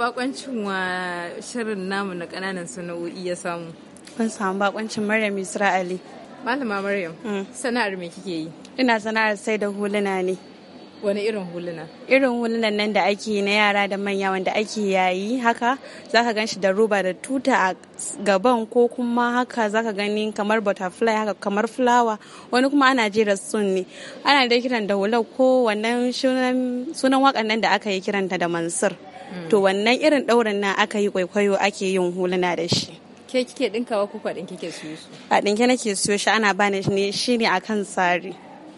Bakoncin wa shirin namu na kananan sana'o'i ya samu. Kun samu bakoncin Maryam Isra'ali. Malama Maryam, mm. sana'ar me kike yi? Ina sana'ar sai da huluna ne. Wani irin huluna? Irin hulunan nan da ake na yara da manya wanda ake yayi haka zaka ganshi da roba da tuta a gaban ko kuma haka zaka gani kamar butterfly haka kamar flower wani kuma ana jera sun ne. Ana da kiran da hulau ko wannan sunan wakan nan da aka yi kiranta da mansir. to wannan irin ɗaurin na aka yi kwaikwayo ake yin huluna da shi ke kike dinkawa ko kwa ke siyo su a dinke nake siyo shi ana bani ne shi ne akan sari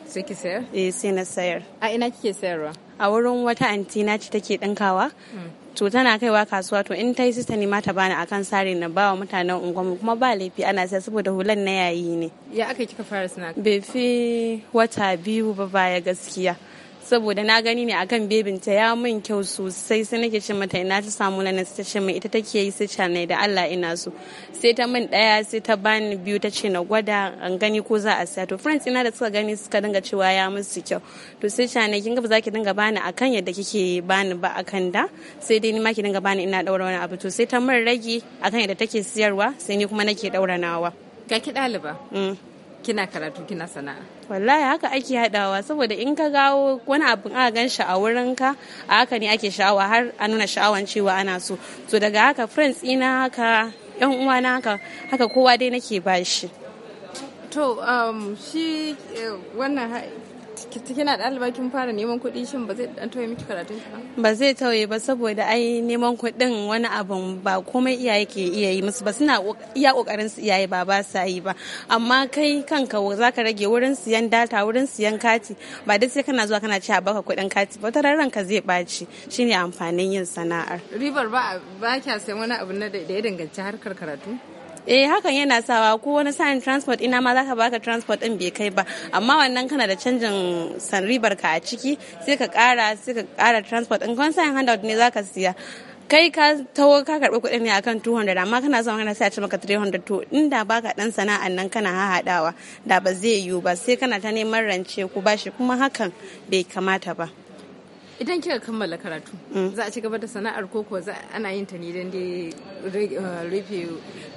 sai ki sayar eh sai na sayar a ina kike sayarwa a wurin wata anti na ci take dinkawa mm. to tana kaiwa kasuwa to in ta yi sista ne ma ta bani akan sari na bawa mutanen unguwarmu kuma ba laifi ana sai saboda hulan na yayi ne ya aka kika fara sana'a bai fi wata biyu ba baya gaskiya saboda na gani ne akan bebinta ya min kyau sosai sai nake ce mata ina ta samu na ta ce ita take yi sai cana da Allah ina so sai ta min daya sai ta bani biyu ta ce na gwada an gani ko za a saya to friends ina da suka gani suka dinga cewa ya musu kyau to sai cana kin ga ba za ki dinga bani akan yadda kike bani ba akan da sai dai ni ma ki dinga bani ina daura wani abu to sai ta min rage akan yadda take siyarwa sai ni kuma nake daura nawa ga ki ɗaliba mm. kina karatu kina sana'a wallahi haka ake haɗawa saboda in ka gawo wani abin aka gan shi a wurin ka a haka ne ake sha'awa har a nuna sha'awan cewa ana so to daga haka friends ina haka yan na haka haka kowa dai nake bashi to um, shi eh, wannan kina ɗaliba kin fara neman kuɗi shin ba zai dan tauye miki karatun ki ba zai tauye ba saboda ai neman kuɗin wani abu ba komai iyaye ke iya yi musu ba suna iya kokarin su iyaye ba ba sa yi ba amma kai kanka zaka rage wurin siyan data wurin siyan kati ba da sai kana zuwa kana ci a baka kuɗin kati ba tarar ranka zai ɓaci shine amfanin yin sana'ar ribar ba ba kya sayan wani abu na da ya danganci harkar karatu eh hakan yana sawa ko wani sa'in transport ina ma zaka baka transport din bai kai ba amma wannan kana da canjin san ribar ka a ciki sai ka kara sai ka kara transport in kan sa'in handout ne zaka siya kai ka tawo ka karbi kuɗin ne akan 200 amma kana son kana sai a ci maka 300 to inda baka dan sana'an nan kana hahadawa da ba zai yiwu ba sai kana ta neman rance ku bashi kuma hakan bai kamata ba idan kika kammala karatu mm. za a ci gaba da sana'ar ko za ana yin ta ne don dai uh, rufe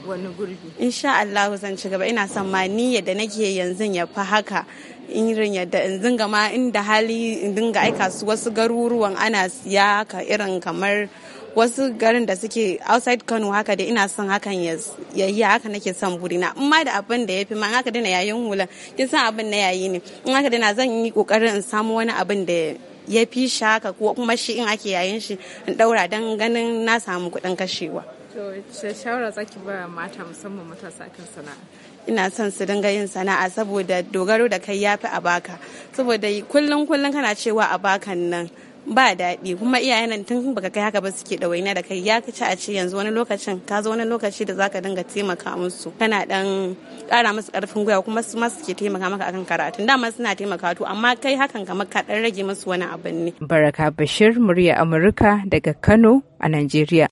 wani gurbi insha Allah zan ci gaba ina son ma niyyar da nake yanzu ya fa haka irin yadda in dinga ma inda hali in dinga aika su wasu garuruwan ana siya ka irin kamar wasu garin da suke outside kano haka da ina son hakan ya yi haka nake son burina in ma da abin da ya fi ma haka dana yayin hula kin san abin na yayi ne in haka dana zan yi kokarin in samu wani abin da ya fi shaka ko kuma shi in ake yayin shi in daura don ganin na samu kuɗin kashewa. To shawara zaki ba mata musamman matasa kan sana'a. ina son su dinga yin sana'a saboda dogaro da kai ya fi a baka saboda kullum kullum kana cewa a bakan nan ba daɗi kuma iyayen nan tun baka kai haka ba suke ɗawaina da kai ya ci a ce yanzu wani lokacin ka zo wani lokaci da zaka dinga taimaka musu kana dan ƙara musu ƙarfin gwiwa kuma su ma suke taimaka maka akan karatun dama suna taimaka to amma kai hakan kamar ka dan rage musu wani abin ne baraka bashir murya amurka daga kano a najeriya